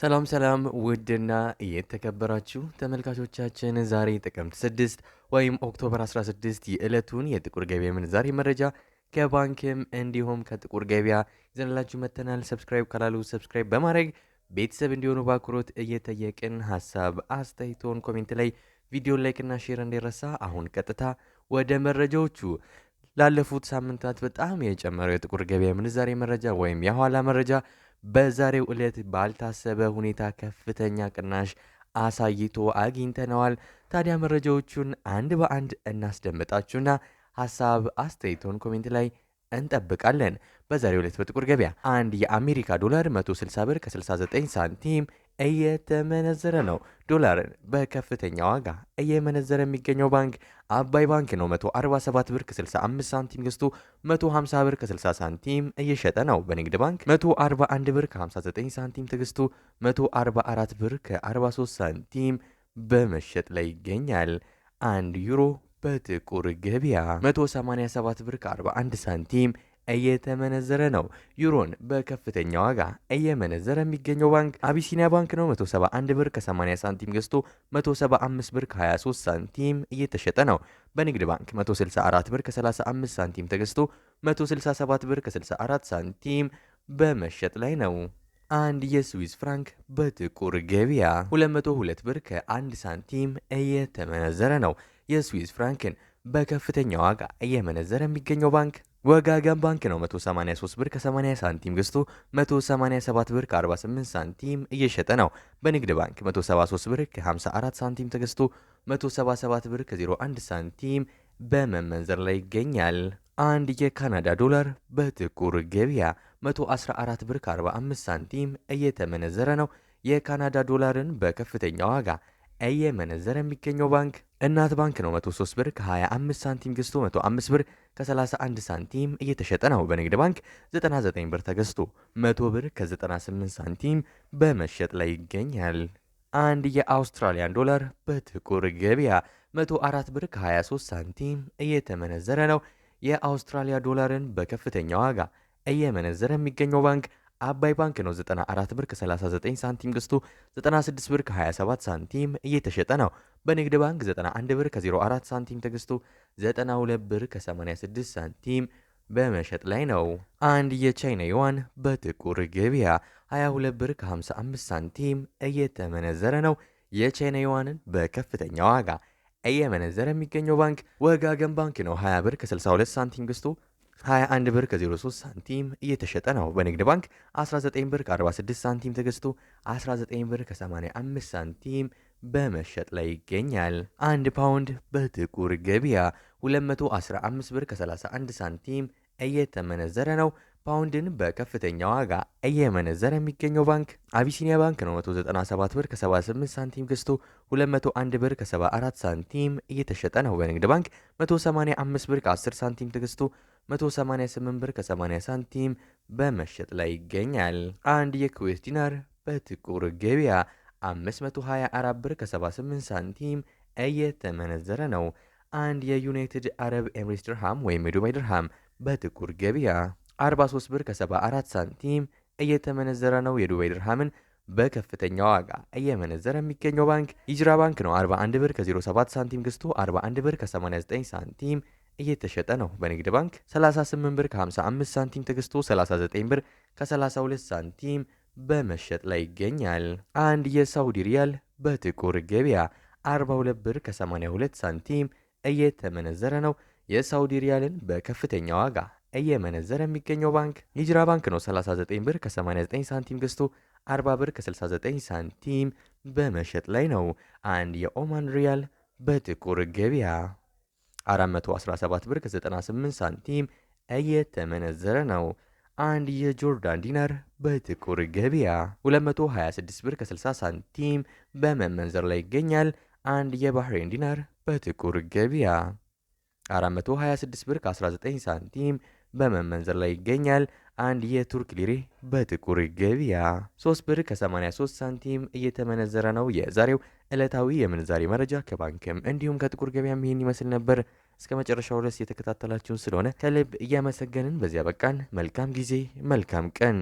ሰላም ሰላም ውድና የተከበራችሁ ተመልካቾቻችን ዛሬ ጥቅምት 6 ወይም ኦክቶበር 16 የዕለቱን የጥቁር ገበያ ምንዛሬ መረጃ ከባንክም እንዲሁም ከጥቁር ገበያ ይዘንላችሁ መተናል። ሰብስክራይብ ካላሉ ሰብስክራይብ በማድረግ ቤተሰብ እንዲሆኑ በአክብሮት እየጠየቅን ሀሳብ አስተያየቶን ኮሜንት ላይ ቪዲዮ ላይክና ሼር እንዲረሳ። አሁን ቀጥታ ወደ መረጃዎቹ ላለፉት ሳምንታት በጣም የጨመረው የጥቁር ገበያ ምንዛሬ መረጃ ወይም የኋላ መረጃ በዛሬው ዕለት ባልታሰበ ሁኔታ ከፍተኛ ቅናሽ አሳይቶ አግኝተነዋል። ታዲያ መረጃዎቹን አንድ በአንድ እናስደምጣችሁና ሀሳብ አስተያየቶን ኮሜንት ላይ እንጠብቃለን። በዛሬው ዕለት በጥቁር ገበያ አንድ የአሜሪካ ዶላር 160 ብር ከ69 ሳንቲም እየተመነዘረ ነው። ዶላርን በከፍተኛ ዋጋ እየመነዘረ የሚገኘው ባንክ አባይ ባንክ ነው። 147 ብር ከ65 ሳንቲም ገዝቶ 150 ብር ከ60 ሳንቲም እየሸጠ ነው። በንግድ ባንክ 141 ብር ከ59 ሳንቲም ተገዝቶ 144 ብር ከ43 ሳንቲም በመሸጥ ላይ ይገኛል። አንድ ዩሮ በጥቁር ገበያ 187 ብር ከ41 ሳንቲም እየተመነዘረ ነው። ዩሮን በከፍተኛ ዋጋ እየመነዘረ የሚገኘው ባንክ አቢሲኒያ ባንክ ነው። 171 ብር ከ80 ሳንቲም ገዝቶ 175 ብር ከ23 ሳንቲም እየተሸጠ ነው። በንግድ ባንክ 164 ብር ከ35 ሳንቲም ተገዝቶ 167 ብር ከ64 ሳንቲም በመሸጥ ላይ ነው። አንድ የስዊስ ፍራንክ በጥቁር ገበያ 202 ብር ከ1 ሳንቲም እየተመነዘረ ነው። የስዊስ ፍራንክን በከፍተኛ ዋጋ እየመነዘረ የሚገኘው ባንክ ወጋገን ባንክ ነው 183 ብር ከ80 ሳንቲም ገዝቶ 187 ብር ከ48 ሳንቲም እየሸጠ ነው። በንግድ ባንክ 173 ብር ከ54 ሳንቲም ተገዝቶ 177 ብር ከ01 ሳንቲም በመመንዘር ላይ ይገኛል። አንድ የካናዳ ዶላር በጥቁር ገበያ 114 ብር ከ45 ሳንቲም እየተመነዘረ ነው። የካናዳ ዶላርን በከፍተኛ ዋጋ እየመነዘረ የሚገኘው ባንክ እናት ባንክ ነው። 103 ብር ከ25 ሳንቲም ገዝቶ 105 ብር ከ31 ሳንቲም እየተሸጠ ነው። በንግድ ባንክ 99 ብር ተገዝቶ 100 ብር ከ98 ሳንቲም በመሸጥ ላይ ይገኛል። አንድ የአውስትራሊያን ዶላር በጥቁር ገበያ 104 ብር ከ23 ሳንቲም እየተመነዘረ ነው። የአውስትራሊያ ዶላርን በከፍተኛ ዋጋ እየመነዘረ የሚገኘው ባንክ አባይ ባንክ ነው 94 ብር ከ39 ሳንቲም ገዝቶ 96 ብር ከ27 ሳንቲም እየተሸጠ ነው። በንግድ ባንክ 91 ብር ከ04 ሳንቲም ተገዝቶ 92 ብር ከ86 ሳንቲም በመሸጥ ላይ ነው። አንድ የቻይና ዩዋን በጥቁር ገበያ 22 ብር ከ55 ሳንቲም እየተመነዘረ ነው። የቻይና ዩዋንን በከፍተኛ ዋጋ እየመነዘረ የሚገኘው ባንክ ወጋገን ባንክ ነው 20 ብር ከ62 ሳንቲም ገዝቶ 21 ብር ከ03 ሳንቲም እየተሸጠ ነው። በንግድ ባንክ 19 ብር ከ46 ሳንቲም ተገዝቶ 19 ብር ከ85 ሳንቲም በመሸጥ ላይ ይገኛል። አንድ ፓውንድ በጥቁር ገበያ 215 ብር ከ31 ሳንቲም እየተመነዘረ ነው። ፓውንድን በከፍተኛ ዋጋ እየመነዘረ የሚገኘው ባንክ አቢሲኒያ ባንክ ነው። 197 ብር ከ78 ሳንቲም ገዝቶ 201 ብር ከ74 ሳንቲም እየተሸጠ ነው። በንግድ ባንክ 185 ብር ከ10 ሳንቲም ተገዝቶ 188 ብር ከ80 ሳንቲም በመሸጥ ላይ ይገኛል። አንድ የኩዌት ዲናር በጥቁር ገበያ 524 ብር ከ78 ሳንቲም እየተመነዘረ ነው። አንድ የዩናይትድ አረብ ኤምሬስ ድርሃም ወይም የዱባይ ድርሃም በጥቁር ገበያ 43 ብር ከ74 ሳንቲም እየተመነዘረ ነው። የዱባይ ድርሃምን በከፍተኛ ዋጋ እየመነዘረ የሚገኘው ባንክ ሂጅራ ባንክ ነው። 41 ብር ከ07 ሳንቲም ገዝቶ 41 ብር ከ89 ሳንቲም እየተሸጠ ነው። በንግድ ባንክ 38 ብር ከ55 ሳንቲም ተገዝቶ 39 ብር ከ32 ሳንቲም በመሸጥ ላይ ይገኛል። አንድ የሳውዲ ሪያል በጥቁር ገበያ 42 ብር ከ82 ሳንቲም እየተመነዘረ ነው። የሳውዲ ሪያልን በከፍተኛ ዋጋ እየመነዘረ የሚገኘው ባንክ ሂጅራ ባንክ ነው። 39 ብር ከ89 ሳንቲም ገዝቶ 40 ብር ከ69 ሳንቲም በመሸጥ ላይ ነው። አንድ የኦማን ሪያል በጥቁር ገበያ 417 ብር ከ98 ሳንቲም እየተመነዘረ ነው። አንድ የጆርዳን ዲናር በጥቁር ገበያ 226 ብር ከ60 ሳንቲም በመመንዘር ላይ ይገኛል። አንድ የባህሬን ዲናር በጥቁር ገበያ 426 ብር ከ19 ሳንቲም በመመንዘር ላይ ይገኛል። አንድ የቱርክ ሊሬ በጥቁር ገበያ 3 ብር ከ83 ሳንቲም እየተመነዘረ ነው። የዛሬው ዕለታዊ የምንዛሬ መረጃ ከባንክም እንዲሁም ከጥቁር ገበያም ይህን ይመስል ነበር። እስከ መጨረሻው ድረስ የተከታተላችሁን ስለሆነ ከልብ እያመሰገንን በዚያ በቃን። መልካም ጊዜ፣ መልካም ቀን